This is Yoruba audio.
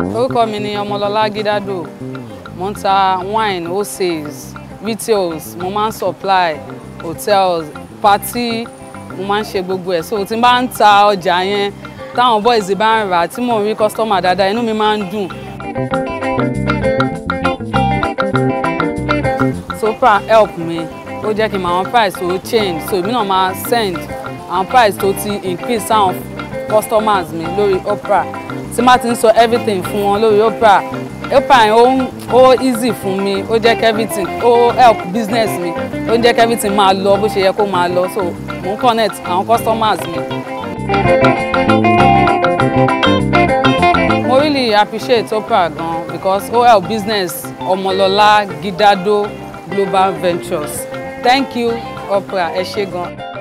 orúkọ mi ni ọmọlọlá gídádò mo ń ta wine wholesales retails mo máa ń supply hotels party mo máa ń ṣe gbogbo ẹ̀ so tí n bá ń ta ọjà yẹn táwọn boys bá ń rà tí mò ń rí customer dáadáa inú mi máa ń dùn. so pra help me ó jẹ́ kí n mọ àwọn price tó change so èmi náà máa send àwọn price tó ti increase sáwọn customers mi lórí opera tí má ti ń sọ everything fún wọn lórí opera opera yẹn ó easy fún mi ó jẹ́ kí everything ó help business mi ó jẹ́ kí everything máa lọ bó ṣe yẹ kó máa lọ so mò ń connect àwọn customers mi. mo really appreciate opera gan because ó help business Ọmọlọ́lá Gidado Global Ventures thank you opera ẹ ṣé gan.